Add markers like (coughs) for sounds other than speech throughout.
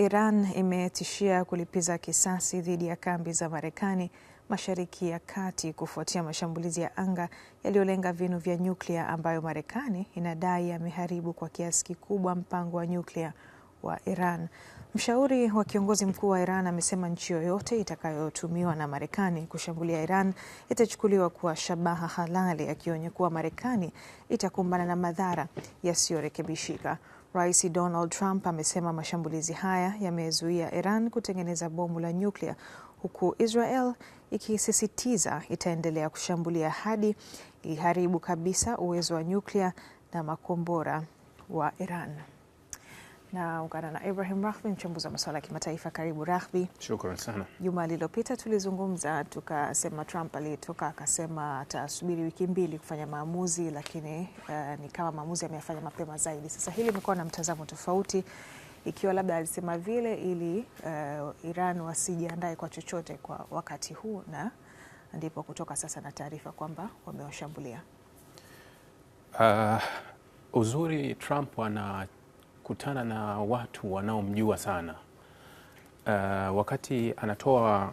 Iran imetishia kulipiza kisasi dhidi ya kambi za Marekani Mashariki ya Kati kufuatia mashambulizi ya anga yaliyolenga vinu vya nyuklia ambayo Marekani inadai yameharibu kwa kiasi kikubwa mpango wa nyuklia wa Iran. Mshauri wa kiongozi mkuu wa Iran amesema nchi yoyote itakayotumiwa na Marekani kushambulia Iran itachukuliwa kuwa shabaha halali, akionya kuwa Marekani itakumbana na madhara yasiyorekebishika. Rais Donald Trump amesema mashambulizi haya yamezuia Iran kutengeneza bomu la nyuklia huku Israel ikisisitiza itaendelea kushambulia hadi iharibu kabisa uwezo wa nyuklia na makombora wa Iran na ungana na Ibrahim Rahbi, mchambuzi wa masuala ya kimataifa. Karibu Rahbi. Shukran sana. Juma lililopita tulizungumza tukasema, Trump alitoka akasema atasubiri wiki mbili kufanya maamuzi, lakini uh, ni kama maamuzi ameyafanya mapema zaidi. Sasa hili imekuwa na mtazamo tofauti, ikiwa labda alisema vile ili uh, Iran wasijiandae kwa chochote kwa wakati huu, na ndipo kutoka sasa na taarifa kwamba wamewashambulia. Uh, uzuri Trump ana kukutana na watu wanaomjua sana uh, wakati anatoa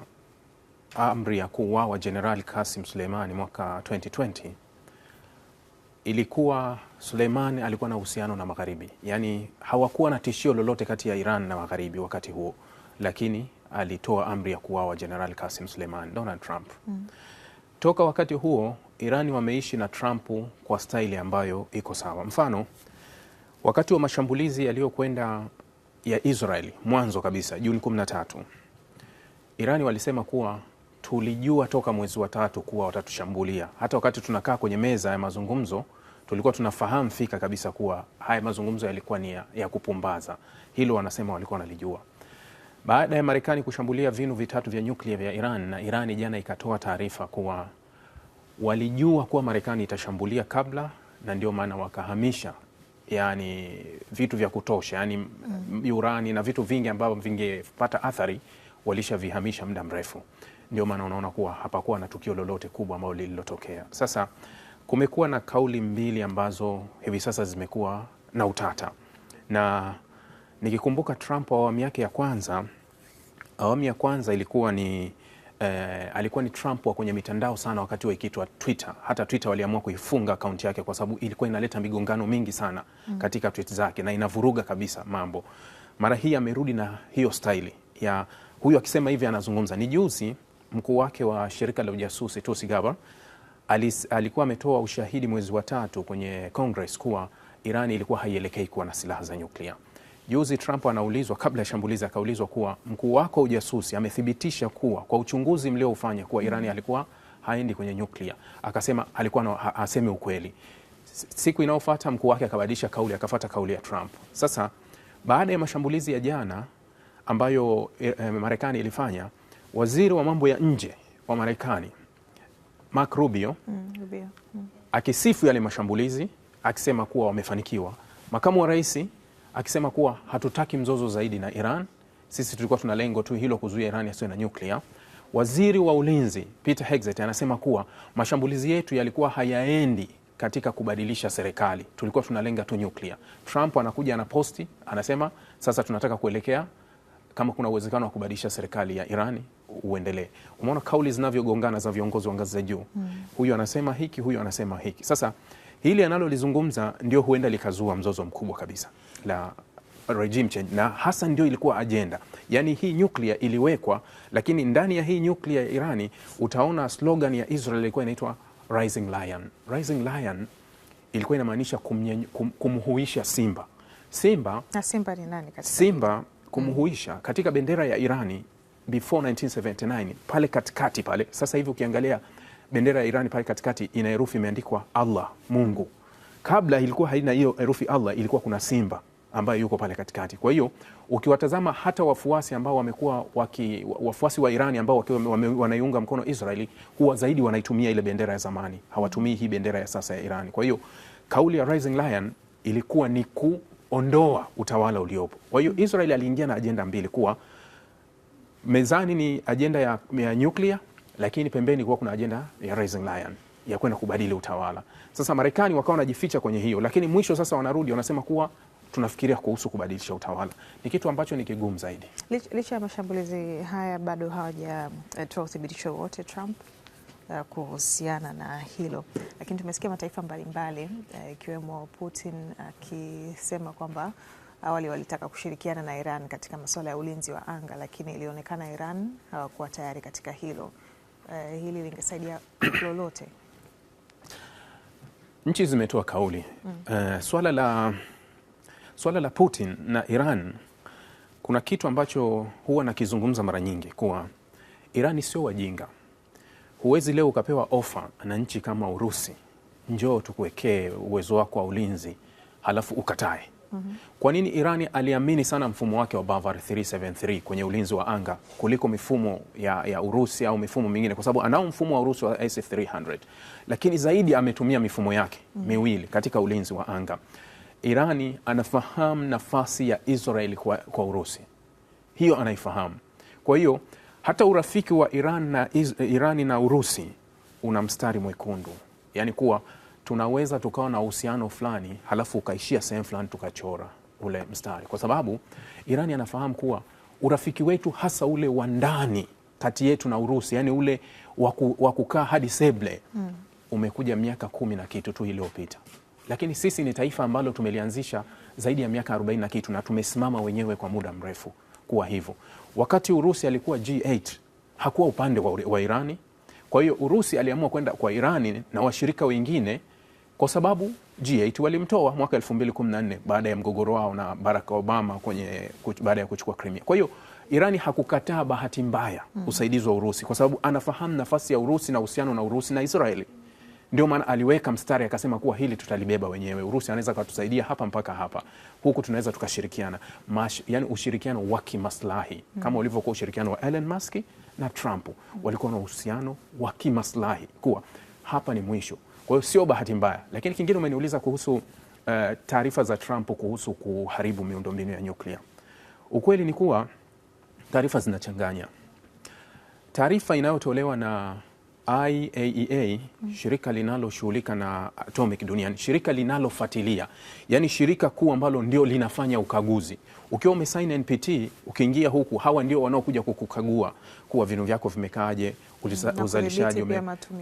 amri ya kuuawa jeneral Kasim Suleimani mwaka 2020 ilikuwa Suleimani alikuwa na uhusiano na magharibi, yaani hawakuwa na tishio lolote kati ya Iran na magharibi wakati huo, lakini alitoa amri ya kuuawa general Kasim Suleimani, Donald Trump mm. Toka wakati huo Irani wameishi na Trump kwa staili ambayo iko sawa. Mfano Wakati wa mashambulizi yaliyokwenda ya israel mwanzo kabisa Juni 13, Irani walisema kuwa tulijua toka mwezi wa tatu kuwa watatushambulia. Hata wakati tunakaa kwenye meza ya mazungumzo tulikuwa tunafahamu fika kabisa kuwa haya mazungumzo yalikuwa ni ya, ya kupumbaza. Hilo wanasema walikuwa wanalijua. Baada ya Marekani kushambulia vinu vitatu vya nyuklia vya Iran, na Irani jana ikatoa taarifa kuwa walijua kuwa Marekani itashambulia kabla, na ndio maana wakahamisha yani vitu vya kutosha yani mm. urani na vitu vingi ambavyo vingepata athari walishavihamisha muda mrefu. Ndio maana unaona kuwa hapakuwa na tukio lolote kubwa ambalo lililotokea. Sasa kumekuwa na kauli mbili ambazo hivi sasa zimekuwa na utata, na nikikumbuka Trump awamu yake ya kwanza, awamu ya kwanza ilikuwa ni eh, alikuwa ni Trump wa kwenye mitandao sana wakati wakiitwa Twitter. Hata Twitter waliamua kuifunga akaunti yake kwa sababu ilikuwa inaleta migongano mingi sana mm. katika tweet zake na inavuruga kabisa mambo. Mara hii amerudi na hiyo staili ya huyu akisema hivi anazungumza. Ni juzi mkuu wake wa shirika la ujasusi Tulsi Gabbard alis, alikuwa ametoa ushahidi mwezi wa tatu kwenye Congress kuwa Irani ilikuwa haielekei kuwa na silaha za nyuklia. Juzi Trump anaulizwa kabla ya shambulizi, akaulizwa kuwa mkuu wako ujasusi amethibitisha kuwa kwa uchunguzi mlioufanya kuwa Irani mm-hmm. alikuwa haendi kwenye nyuklia, akasema alikuwa hasemi ukweli. Siku inayofuata mkuu wake akabadilisha kauli, akafata kauli ya Trump. Sasa baada ya mashambulizi ya jana ambayo eh, eh, Marekani ilifanya, waziri wa mambo ya nje wa Marekani Mark Rubio, mm, Rubio. Mm. akisifu yale mashambulizi akisema kuwa wamefanikiwa. Makamu wa raisi akisema kuwa hatutaki mzozo zaidi na Iran, sisi tulikuwa tuna lengo tu hilo, kuzuia Iran yasiwe na nyuklia. Waziri wa ulinzi Peter Hegseth anasema kuwa mashambulizi yetu yalikuwa hayaendi katika kubadilisha serikali, tulikuwa tunalenga tu nyuklia. Trump anakuja posti, anasema sasa tunataka kuelekea kama kuna uwezekano wa kubadilisha serikali ya Irani uendelee. Umeona kauli zinavyogongana za viongozi wa ngazi za juu, hmm. huyu anasema hiki, huyu anasema hiki. Sasa hili analolizungumza ndio huenda likazua mzozo mkubwa kabisa la regime change, na hasa ndio ilikuwa ajenda. Yani hii nyuklia iliwekwa, lakini ndani ya hii nyuklia ya Irani utaona slogan ya Israel ilikuwa inaitwa Rising Lion. Rising Lion ilikuwa inamaanisha kum, kumhuisha simba simba, na simba ni nani katika simba kumhuisha katika bendera ya Irani before 1979 pale katikati pale. Sasa hivi ukiangalia bendera ya Irani pale katikati ina herufi imeandikwa Allah, Mungu. Kabla ilikuwa haina hiyo herufi Allah, ilikuwa kuna simba ambayo yuko pale katikati. Kwa hiyo ukiwatazama hata wafuasi ambao wamekuwa waki, wafuasi wa Irani ambao wanaiunga mkono Israeli huwa zaidi wanaitumia ile bendera ya zamani, hawatumii hii bendera ya sasa ya Irani. Kwa hiyo kauli ya Rising Lion ilikuwa ni kuondoa utawala uliopo. Kwa hiyo Israeli aliingia na ajenda mbili kuwa mezani ni ajenda ya, ya nyuklia lakini pembeni kuwa kuna ajenda ya Rising Lion ya kwenda kubadili utawala. Sasa Marekani wakawa wanajificha kwenye hiyo, lakini mwisho sasa wanarudi wanasema kuwa tunafikiria kuhusu kubadilisha utawala. Ni kitu ambacho ni kigumu zaidi. Licha ya mashambulizi haya, bado hawajatoa eh, uthibitisho wote Trump uh, kuhusiana na hilo, lakini tumesikia mataifa mbalimbali eh, ikiwemo uh, Putin akisema uh, kwamba awali walitaka kushirikiana na Iran katika masuala ya ulinzi wa anga, lakini ilionekana Iran hawakuwa tayari katika hilo uh, hili lingesaidia (coughs) lolote? Nchi zimetoa kauli mm. uh, swala la, swala la Putin na Iran, kuna kitu ambacho huwa nakizungumza mara nyingi kuwa iran sio wajinga. Huwezi leo ukapewa ofa na nchi kama Urusi, njoo tukuwekee uwezo wako wa ulinzi, halafu ukatae. -hmm. Kwa nini Irani aliamini sana mfumo wake wa Bavar 373 kwenye ulinzi wa anga kuliko mifumo ya, ya Urusi au mifumo mingine? Kwa sababu anao mfumo wa Urusi wa S300, lakini zaidi ametumia mifumo yake mm -hmm. miwili katika ulinzi wa anga. Irani anafahamu nafasi ya Israeli kwa, kwa Urusi, hiyo anaifahamu. Kwa hiyo hata urafiki wa Iran na, Irani na Urusi una mstari mwekundu, yaani kuwa tunaweza tukawa na uhusiano fulani halafu ukaishia sehemu fulani tukachora ule mstari, kwa sababu Irani anafahamu kuwa urafiki wetu hasa ule wa ndani kati yetu na Urusi, yani ule wa kukaa hadi seble mm. umekuja miaka kumi na kitu tu iliyopita, lakini sisi ni taifa ambalo tumelianzisha zaidi ya miaka 40 na kitu na tumesimama wenyewe kwa muda mrefu kuwa hivyo. Wakati Urusi alikuwa G8 hakuwa upande wa, wa Irani. Kwa hiyo Urusi aliamua kwenda kwa Irani na washirika wengine kwa sababu G8 walimtoa mwaka 2014 baada ya mgogoro wao na Barack Obama kwenye baada ya kuchukua Crimea. Kwa hiyo Irani hakukataa bahati mbaya hmm. usaidizi wa Urusi kwa sababu anafahamu nafasi ya Urusi na uhusiano na Urusi na Israeli. Ndio maana aliweka mstari akasema kuwa hili tutalibeba wenyewe. Urusi anaweza akatusaidia hapa mpaka hapa, huku tunaweza tukashirikiana. Yani ushirikiano wa kimaslahi hmm. kama ulivyokuwa ushirikiano wa Elon Musk na Trump, hmm. walikuwa na uhusiano wa kimaslahi kuwa hapa ni mwisho kwa hiyo sio bahati mbaya, lakini kingine umeniuliza kuhusu uh, taarifa za Trump kuhusu kuharibu miundombinu ya nyuklia. Ukweli ni kuwa taarifa zinachanganya. Taarifa inayotolewa na IAEA, e shirika linaloshughulika na atomic duniani, shirika linalofuatilia, yani shirika kuu ambalo ndio linafanya ukaguzi. Ukiwa umesaini NPT, ukiingia huku, hawa ndio wanaokuja kukukagua kuwa vinu vyako vimekaaje, uzalishaji,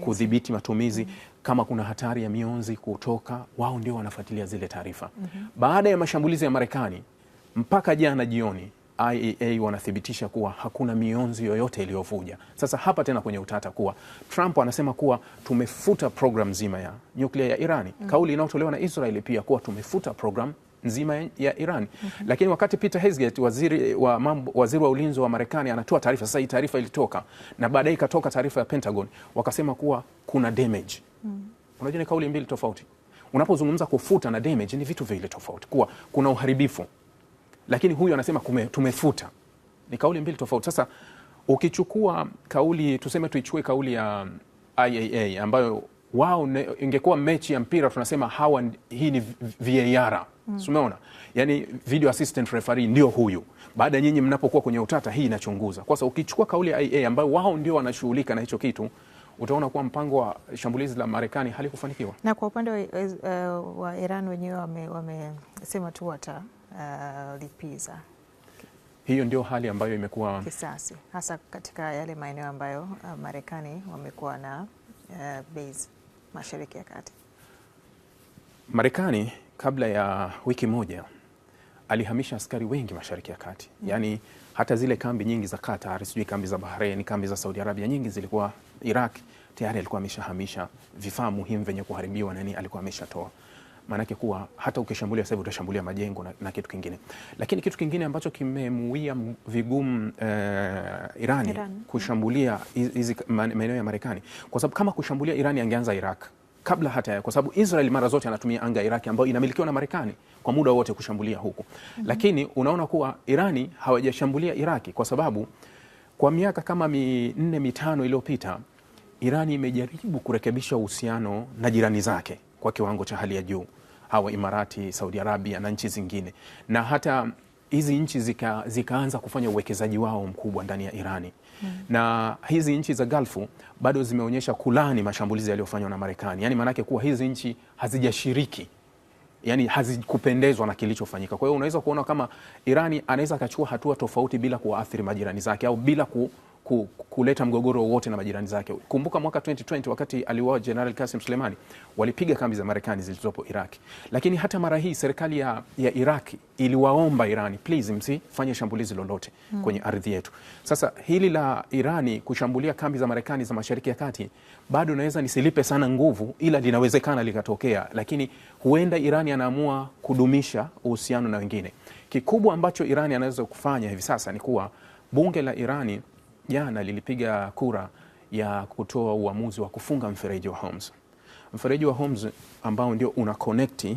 kudhibiti matumizi. Mm-hmm. Kama kuna hatari ya mionzi kutoka, wao ndio wanafuatilia zile taarifa. Mm-hmm. Baada ya mashambulizi ya Marekani, mpaka jana jioni IAEA e wanathibitisha kuwa hakuna mionzi yoyote iliyovuja. Sasa hapa tena kwenye utata kuwa Trump anasema kuwa tumefuta program zima ya nyuklia ya Irani, mm. kauli inayotolewa na Israeli pia kuwa tumefuta program nzima ya Iran mm -hmm. Lakini wakati Peter Hegseth waziri wa mambo, waziri wa ulinzi wa Marekani anatoa taarifa, sasa hii taarifa ilitoka na baadaye ikatoka taarifa ya Pentagon wakasema kuwa kuna damage mm -hmm. Unajua ni kauli mbili tofauti. Unapozungumza kufuta na damage ni vitu vile tofauti, kuwa kuna uharibifu, lakini huyu anasema kume, tumefuta. Ni kauli mbili tofauti. Sasa ukichukua kauli tuseme, tuichukue kauli ya IAA ambayo wao ingekuwa mechi ya mpira tunasema hawa, hii ni VAR mm. Umeona, yani video assistant referee ndio huyu. Baada nyinyi mnapokuwa kwenye utata, hii inachunguza. Kwa sababu ukichukua kauli ya IA ambayo wao ndio wanashughulika na hicho kitu, utaona kuwa mpango wa shambulizi la Marekani halikufanikiwa. Na kwa upande wa, uh, wa Iran wenyewe wamesema tu watalipiza uh, hiyo ndio hali ambayo imekuwa kisasi hasa katika yale maeneo ambayo uh, Marekani wamekuwa na uh, base Mashariki ya Kati. Marekani kabla ya wiki moja alihamisha askari wengi Mashariki ya Kati mm. Yaani hata zile kambi nyingi za Qatar, sijui kambi za Bahrain, kambi za Saudi Arabia, nyingi zilikuwa Iraq, tayari alikuwa ameshahamisha vifaa muhimu vyenye kuharibiwa, nani alikuwa ameshatoa maanake kuwa hata ukishambulia sasa hivi utashambulia majengo na, na kitu kingine. Lakini kitu kingine ambacho kimemuia vigumu uh, Irani, Iran, mm. kushambulia hizi maeneo ya Marekani kwa sababu kama kushambulia Irani angeanza Iraq kabla hata ya kwa sababu Israel mara zote anatumia anga ya Iraki ambayo inamilikiwa na Marekani kwa muda wote kushambulia huku mm -hmm. Lakini unaona kuwa Irani hawajashambulia Iraki kwa sababu kwa miaka kama minne mitano iliyopita Irani imejaribu kurekebisha uhusiano na jirani zake kwa kiwango cha hali ya juu, hawa Imarati, Saudi Arabia na nchi zingine, na hata hizi nchi zika, zikaanza kufanya uwekezaji wao mkubwa ndani ya Irani mm. Na hizi nchi za Galfu bado zimeonyesha kulani mashambulizi yaliyofanywa na Marekani, yani maanake kuwa hizi nchi hazijashiriki yani hazikupendezwa na kilichofanyika. Kwa hiyo unaweza kuona kama Irani anaweza akachukua hatua tofauti bila kuwaathiri majirani zake au bila ku ku, kuleta mgogoro wowote na majirani zake. Kumbuka mwaka 2020 wakati aliuawa General Qasim Soleimani, walipiga kambi za Marekani zilizopo Iraki, lakini hata mara hii serikali ya, ya Iraki iliwaomba Irani, please msifanye shambulizi lolote hmm, kwenye ardhi yetu. Sasa hili la Irani kushambulia kambi za Marekani za Mashariki ya Kati bado naweza nisilipe sana nguvu, ila linawezekana likatokea, lakini huenda Irani anaamua kudumisha uhusiano na wengine. Kikubwa ambacho Irani anaweza kufanya hivi sasa ni kuwa bunge la Irani jana lilipiga kura ya kutoa uamuzi wa kufunga mfereji wa Holmes. Mfereji wa Holmes ambao ndio una connect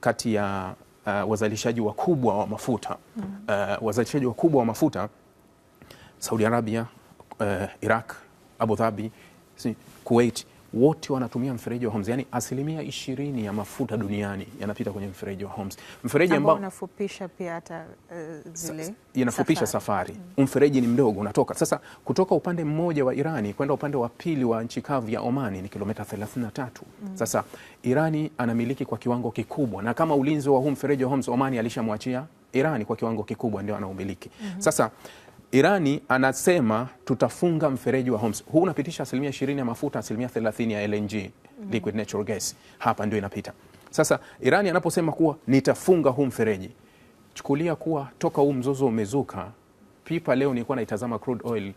kati ya uh, wazalishaji wakubwa wa mafuta mm. uh, wazalishaji wakubwa wa mafuta Saudi Arabia, uh, Iraq, Abu Dhabi, Kuwait wote wanatumia mfereji wa Yani asilimia ishirini ya mafuta duniani yanapita kwenye mfereji wa Holmes, mfereji ambao unafupisha pia hata uh, zile inafupisha safari, safari. Mm. Mfereji ni mdogo unatoka sasa kutoka upande mmoja wa Irani kwenda upande wa pili wa nchi kavu ya Omani ni kilomita 33. Mm. Sasa Irani anamiliki kwa kiwango kikubwa, na kama ulinzi wa huu mfereji wa Omani alishamwachia Irani kwa kiwango kikubwa ndio anaumiliki. Mm -hmm. Sasa Irani anasema tutafunga mfereji wa Hormuz. Huu unapitisha asilimia ishirini ya mafuta, asilimia thelathini ya LNG, liquid natural gas, hapa ndio inapita. Sasa Irani anaposema kuwa nitafunga huu mfereji, chukulia kuwa toka huu mzozo umezuka, pipa leo nilikuwa naitazama crude oil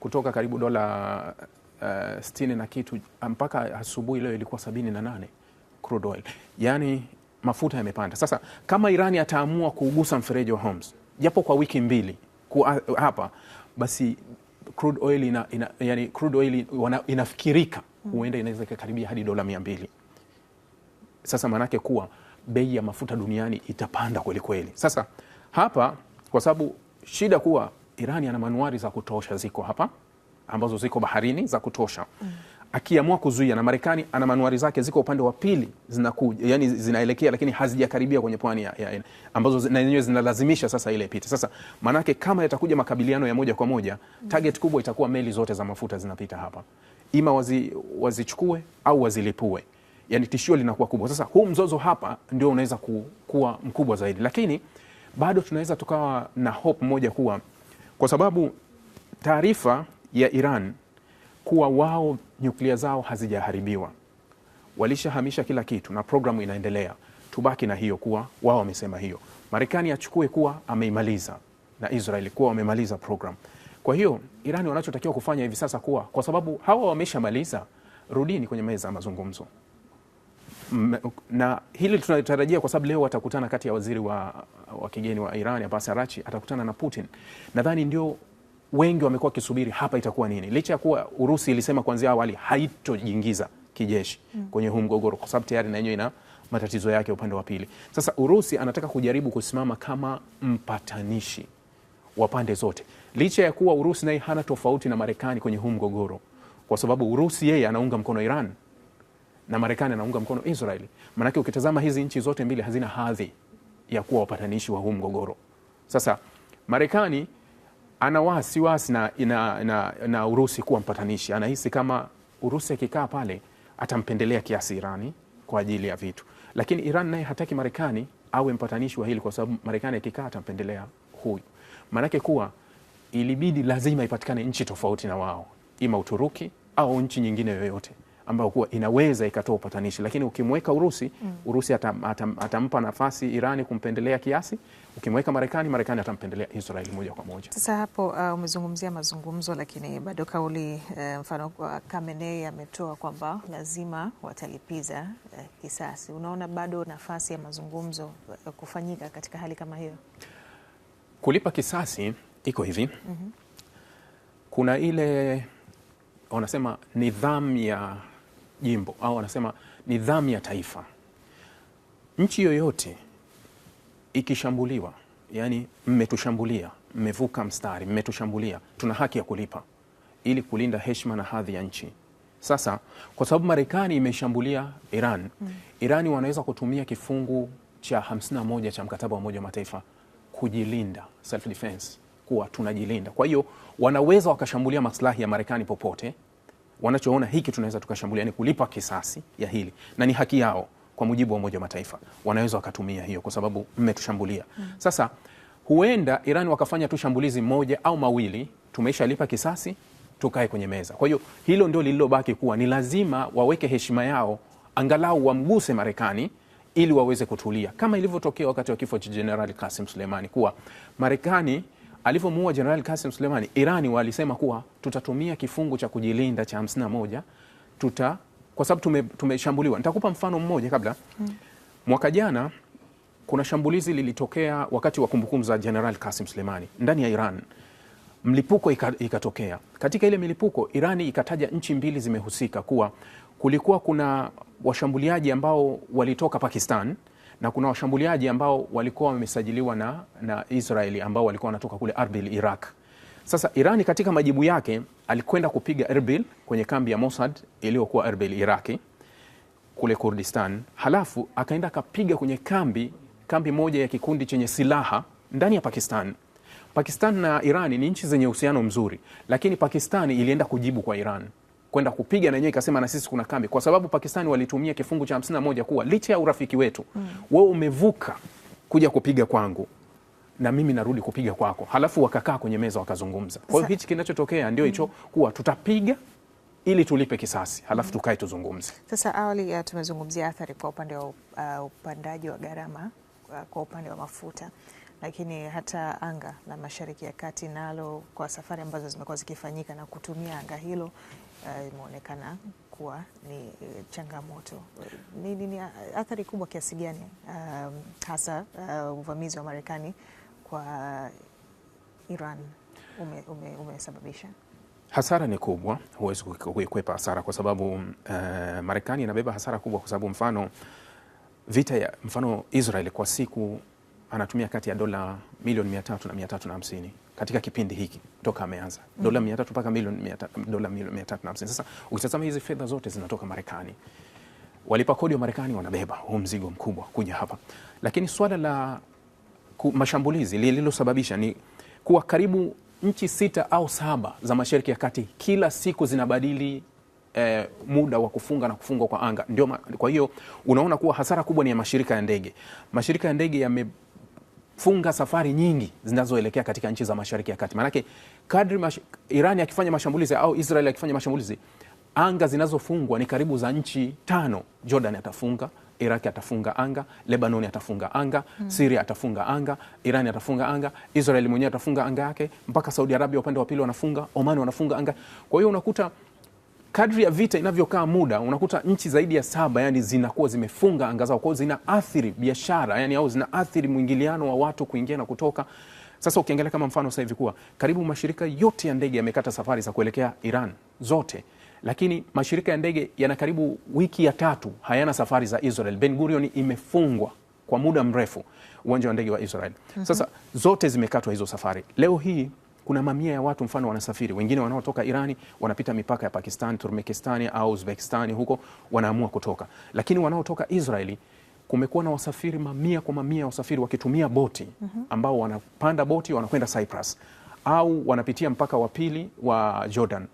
kutoka karibu dola uh, eh, 60 na kitu mpaka asubuhi leo ilikuwa sabini na nane crude oil, yaani mafuta yamepanda. Sasa kama Irani ataamua kuugusa mfereji wa Hormuz japo kwa wiki mbili hapa basi crude oil ina, ina, yani crude oil wana, inafikirika mm. huenda inaweza ikakaribia hadi dola mia mbili. Sasa maanake kuwa bei ya mafuta duniani itapanda kweli kweli. Sasa hapa kwa sababu shida kuwa Irani ana manuari za kutosha ziko hapa ambazo ziko baharini za kutosha mm akiamua kuzuia, na Marekani ana manuari zake ziko upande wa pili zinakuja, yani zinaelekea, lakini hazijakaribia kwenye pwani ya, ya, ambazo na yenyewe zinalazimisha sasa ile ipite. Sasa maanake kama yatakuja makabiliano ya moja kwa moja, target kubwa itakuwa meli zote za mafuta zinapita hapa, ima wazichukue au wazilipue, yani tishio linakuwa kubwa. Sasa huu mzozo hapa ndio unaweza ku, kuwa mkubwa zaidi, lakini bado tunaweza tukawa na hope moja kuwa kwa sababu taarifa ya Iran kuwa wao nyuklia zao hazijaharibiwa, walishahamisha kila kitu na programu inaendelea. Tubaki na hiyo kuwa wao wamesema hiyo, Marekani achukue kuwa ameimaliza na Israel kuwa wamemaliza program. Kwa hiyo Irani wanachotakiwa kufanya hivi sasa kuwa kwa sababu hawa wameshamaliza, rudini kwenye meza ya mazungumzo na hili tunatarajia kwa sababu leo watakutana kati ya waziri wa, wa kigeni wa Iran Abbas Arachi atakutana na Putin. Nadhani ndio wengi wamekuwa wakisubiri hapa itakuwa nini, licha ya kuwa Urusi ilisema kuanzia awali haitojiingiza kijeshi mm. kwenye huu mgogoro, kwa sababu tayari na yenyewe ina matatizo yake upande wa pili. Sasa Urusi anataka kujaribu kusimama kama mpatanishi wa pande zote, licha ya kuwa Urusi naye hana tofauti na Marekani kwenye huu mgogoro, kwa sababu Urusi yeye anaunga mkono Iran na Marekani anaunga mkono Israeli. Maanake ukitazama hizi nchi zote mbili hazina hadhi ya kuwa wapatanishi wa huu mgogoro. Sasa Marekani ana wasiwasi na, na, na, na Urusi kuwa mpatanishi. Anahisi kama Urusi akikaa pale atampendelea kiasi Irani kwa ajili ya vitu, lakini Iran naye hataki Marekani awe mpatanishi wa hili, kwa sababu Marekani akikaa atampendelea huyu. Maanake kuwa ilibidi lazima ipatikane nchi tofauti na wao, ima Uturuki au nchi nyingine yoyote ambayo kuwa inaweza ikatoa upatanishi, lakini ukimweka Urusi mm. Urusi atam, atam, atampa nafasi Irani kumpendelea kiasi. Ukimweka Marekani, Marekani atampendelea Israeli moja kwa moja. Sasa hapo uh, umezungumzia mazungumzo, lakini bado kauli uh, mfano uh, Kamenei ametoa kwamba lazima watalipiza uh, kisasi. Unaona bado nafasi ya mazungumzo uh, kufanyika katika hali kama hiyo? Kulipa kisasi iko hivi mm -hmm. kuna ile wanasema nidhamu ya jimbo au wanasema nidhamu ya taifa. Nchi yoyote ikishambuliwa, yani mmetushambulia, mmevuka mstari, mmetushambulia, tuna haki ya kulipa ili kulinda heshima na hadhi ya nchi. Sasa kwa sababu Marekani imeshambulia Iran mm. Irani wanaweza kutumia kifungu cha 51 cha mkataba wa Umoja wa Mataifa kujilinda, self defense, kuwa tunajilinda. Kwa hiyo wanaweza wakashambulia maslahi ya Marekani popote wanachoona hiki tunaweza tukashambulia, ni kulipa kisasi ya hili, na ni haki yao kwa mujibu wa Umoja wa Mataifa, wanaweza wakatumia hiyo kwa sababu mmetushambulia. Sasa huenda Iran wakafanya tu shambulizi moja au mawili, tumeishalipa kisasi, tukae kwenye meza. Kwa hiyo hilo ndio lililobaki kuwa ni lazima waweke heshima yao, angalau wamguse Marekani ili waweze kutulia, kama ilivyotokea wakati wa kifo cha Jenerali Kasim Suleimani kuwa Marekani alivyomuua Jenerali Kasim Suleimani, Irani walisema kuwa tutatumia kifungu cha kujilinda cha 51 tuta kwa sababu tumeshambuliwa. Nitakupa mfano mmoja kabla. Mm. Mwaka jana kuna shambulizi lilitokea wakati wa kumbukumbu za Jenerali Kasim Suleimani ndani ya Iran, mlipuko ikatokea. Katika ile milipuko, Irani ikataja nchi mbili zimehusika, kuwa kulikuwa kuna washambuliaji ambao walitoka Pakistan na kuna washambuliaji ambao walikuwa wamesajiliwa na, na Israeli ambao walikuwa wanatoka kule Arbil, Iraq. Sasa Irani katika majibu yake alikwenda kupiga Erbil kwenye kambi ya Mossad iliyokuwa Erbil, Iraki kule Kurdistan, halafu akaenda akapiga kwenye kambi kambi moja ya kikundi chenye silaha ndani ya Pakistan. Pakistan na Irani ni nchi zenye uhusiano mzuri, lakini Pakistani ilienda kujibu kwa Iran kwenda kupiga na yenyewe ikasema na sisi kuna kambi, kwa sababu Pakistani walitumia kifungu cha moja kuwa licha ya urafiki wetu mm, wewe umevuka kuja kupiga kwangu na mimi narudi kupiga kwako, halafu wakakaa kwenye meza wakazungumza. Kwa hiyo hichi kinachotokea ndio hicho mm, kuwa tutapiga ili tulipe kisasi halafu mm. tukae tuzungumze. Sasa awali uh, tumezungumzia athari kwa upande wa uh, upandaji wa gharama uh, kwa upande wa mafuta, lakini hata anga la Mashariki ya Kati nalo kwa safari ambazo zimekuwa zikifanyika na kutumia anga hilo uh, imeonekana kuwa ni eh, changamoto. Ni, ni, ni athari kubwa kiasi gani um, hasa uh, uvamizi wa Marekani kwa Iran ume, ume, umesababisha? Hasara ni kubwa, huwezi kuikwepa hasara kwa sababu uh, Marekani inabeba hasara kubwa kwa sababu mfano vita ya mfano Israel kwa siku anatumia kati ya dola milioni mia tatu na mia tatu na hamsini katika kipindi hiki toka ameanza dola 300 mpaka milioni dola milioni 350. Sasa ukitazama hizi fedha zote zinatoka Marekani, walipa kodi wa Marekani wanabeba huu mzigo mkubwa kuja hapa, lakini swala la mashambulizi lililosababisha ni kuwa karibu nchi sita au saba za Mashariki ya Kati kila siku zinabadili E, muda wa kufunga na kufungwa kwa anga ndio. Kwa hiyo unaona kuwa hasara kubwa ni ya mashirika ya ndege. Mashirika ya ndege yame kufunga safari nyingi zinazoelekea katika nchi za Mashariki ya Kati. Maanake kadri mash... Irani akifanya mashambulizi au Israel akifanya mashambulizi, anga zinazofungwa ni karibu za nchi tano. Jordan atafunga Iraki atafunga anga, Lebanoni atafunga anga, hmm. Siria atafunga anga, Irani atafunga anga, Israeli mwenyewe atafunga anga yake, mpaka Saudi Arabia upande wa pili wanafunga, Omani wanafunga anga. Kwa hiyo unakuta kadri ya vita inavyokaa muda unakuta nchi zaidi ya saba yani zinakuwa zimefunga anga zao, kwa zinaathiri biashara yani, au zinaathiri mwingiliano wa watu kuingia na kutoka. Sasa ukiangalia kama mfano sasa hivi kuwa karibu mashirika yote ya ndege yamekata safari za kuelekea Iran zote, lakini mashirika ya ndege yana karibu wiki ya tatu hayana safari za Israel. Ben Gurion imefungwa kwa muda mrefu uwanja wa ndege wa Israel. Mhm. Sasa zote zimekatwa hizo safari. Leo hii kuna mamia ya watu mfano wanasafiri, wengine wanaotoka Irani wanapita mipaka ya Pakistan, turmekistani au uzbekistani huko wanaamua kutoka. Lakini wanaotoka Israeli kumekuwa na wasafiri mamia kwa mamia ya wasafiri wakitumia boti, mhm. ambao wanapanda boti wanakwenda Cyprus au wanapitia mpaka wa pili wa Jordan,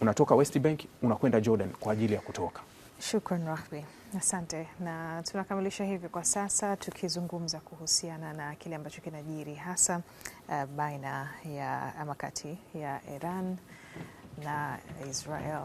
unatoka West Bank unakwenda Jordan kwa ajili ya kutoka. Shukran Rahbi. Asante, na tunakamilisha hivi kwa sasa tukizungumza kuhusiana na kile ambacho kinajiri hasa uh, baina ya ama kati ya Iran na Israel